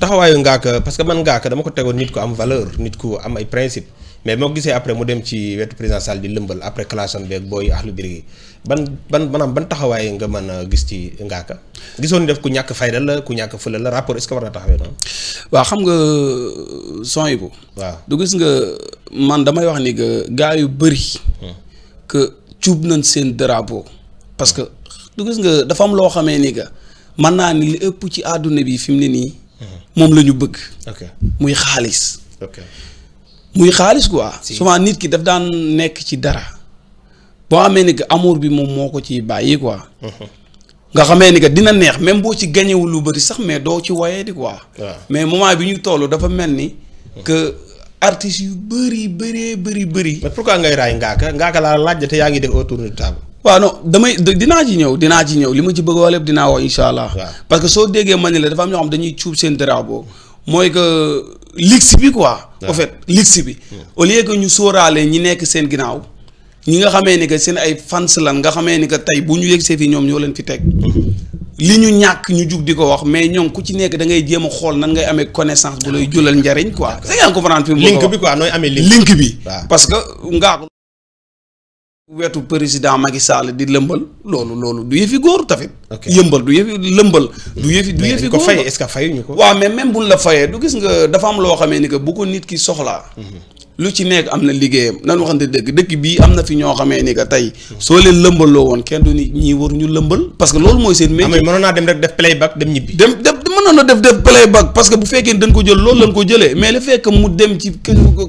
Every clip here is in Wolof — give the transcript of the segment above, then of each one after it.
taxawaayu ngaaka parce que man ngaaka dama ko tegoon nit ku am valeur nit ku am ay principe mais moo gisee après mu dem ci wetu président Sall di lëmbal après classe am beeg booy ahlu biir gi ban ban maanaam ban taxawaay nga mën a gis ci ngaaka gisoon ni def ku ñàkk fayda la ku ñàkk fële la rapport est-ce que war na taxawee noonu. waaw xam nga son bu waaw du gis nga man damay wax ni que gars yu bëri. Hmm. que cuub nañ seen drapeau. parce que du gis nga dafa am loo xamee ni que mën naa ni li ëpp ci àdduna bi fi mu ne nii. Mhm. moom la ñu bëgg. muy xaalis. muy xaalis quoi. souvent nit ki daf daan nekk ci dara. boo amee ni que amur bi moom moo ko ci bàyyi quoi. Mhm. nga xamee ni que dina neex même boo ci gañewul lu bëri sax mais doo ci woyee di quoi. mais moment bi ñu toll dafa mel ni. que artistes yu bëri bëri bëri bëri. mais pourquoi ngay raay ngaaka ngaaka laa laaj te yaa ngi def autour du waaw non damay dinaa ci ñëw dinaa ci ñëw li ma ci bëgg a wax lépp dinaa wax incha allah. parce que soo déggee man la dafa am ñoo xam dañuy cuub seen drapeau mooy que ligue bi quoi. en fait ligue bi. Hmm. au lieu que ñu sóoraale ñi nekk seen ginnaaw. ñi nga xamee ni que seen ay fans lan nga xamee ni que tey bu ñu yegsee fii ñoom ñoo leen fi teg. Hmm. li ñu ñàkk ñu jub di ko wax mais ñoom ku ci nekk da ngay jéem a xool nan ngay amee connaissance bu lay ah, julal njariñ quoi. c'est nga comprendre fi mu link bi quoi nooy amee link bi. parce que ngaa wetu président Macky Sall di lëmbal loolu loolu du yëfi góor tamit. yëmbal du yëfi lëmbal. du yëfi du yëfi góor ko fay est ko. waaw mais même bu la fayee du gis nga dafa am loo xamee ni que bu ko nit ki soxlaa. Mhm. lu ci nekk am na liggéeyam nan waxante dëgg dëkk bii am na fi ñoo xamee ni que tey soo leen lëmbaloo woon kenn du ni ñii waruñu lëmbal parce que loolu mooy seen métier ah, naa dem rek def playback dem ñibbi dem def ko jël loolu lañ ko jëlee mais le fait que mu dem ci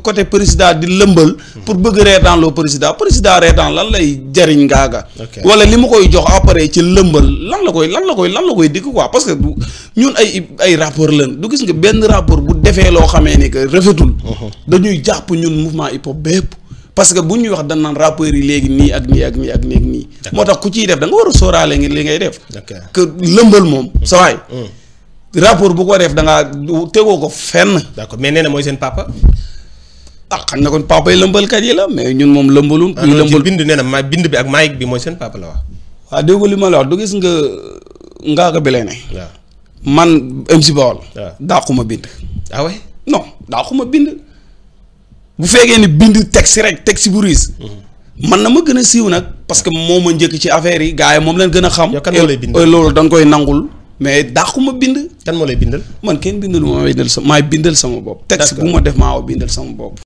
côté président di lëmbal pour bëgg reetaan loo président président reetaan lan lay jariñ ngaaga wala li mu koy jox après ci lëmbal lan la koy lan la koy la koy dikk quoi parce que ñun ay rapport lan du gis nga benn rapport fee loo xamee ni que rafetul. Uh-huh. dañuy jàpp ñun mouvement hip hop bépp. parce que bu ñuy wax dañ naan rappeurs yi léegi nii ak nii ak nii ak nii ak nii. moo tax ku ciy def danga nga war a sóoraale ngi li ngay def. que lëmbal moom. Mm-hmm. sa waay. Mm. rapport bu ko def da ngaa tegoo ko fenn. d'accord mais nee na mooy seen papa. ah xam na kon papa yi lëmbalkat yi la mais ñun moom lëmbalul. kuy ah, lëmbal bind nee na ma bind bi ak maayik bi mooy seen papa la wax. waaw dégg li ma la wax du gis nga ngaaka bi lay man MC Baol. waaw ah. daaxuma bind. ah oui non bind bu fekkee ni bind texte rek texte bu riis. Mhm. man na ma gën a siiw nag parce que moo ma njëkk ci affaire yi gars yi moom leen gën a xam. yow kan moo lay bind loolu da nga koy nangul. mais daaxuma bind. kan moo lay bindal. man kenn bindal ma bindal sa maay bindal sama bopp. texte bu ma def maa wa bindal sama bopp.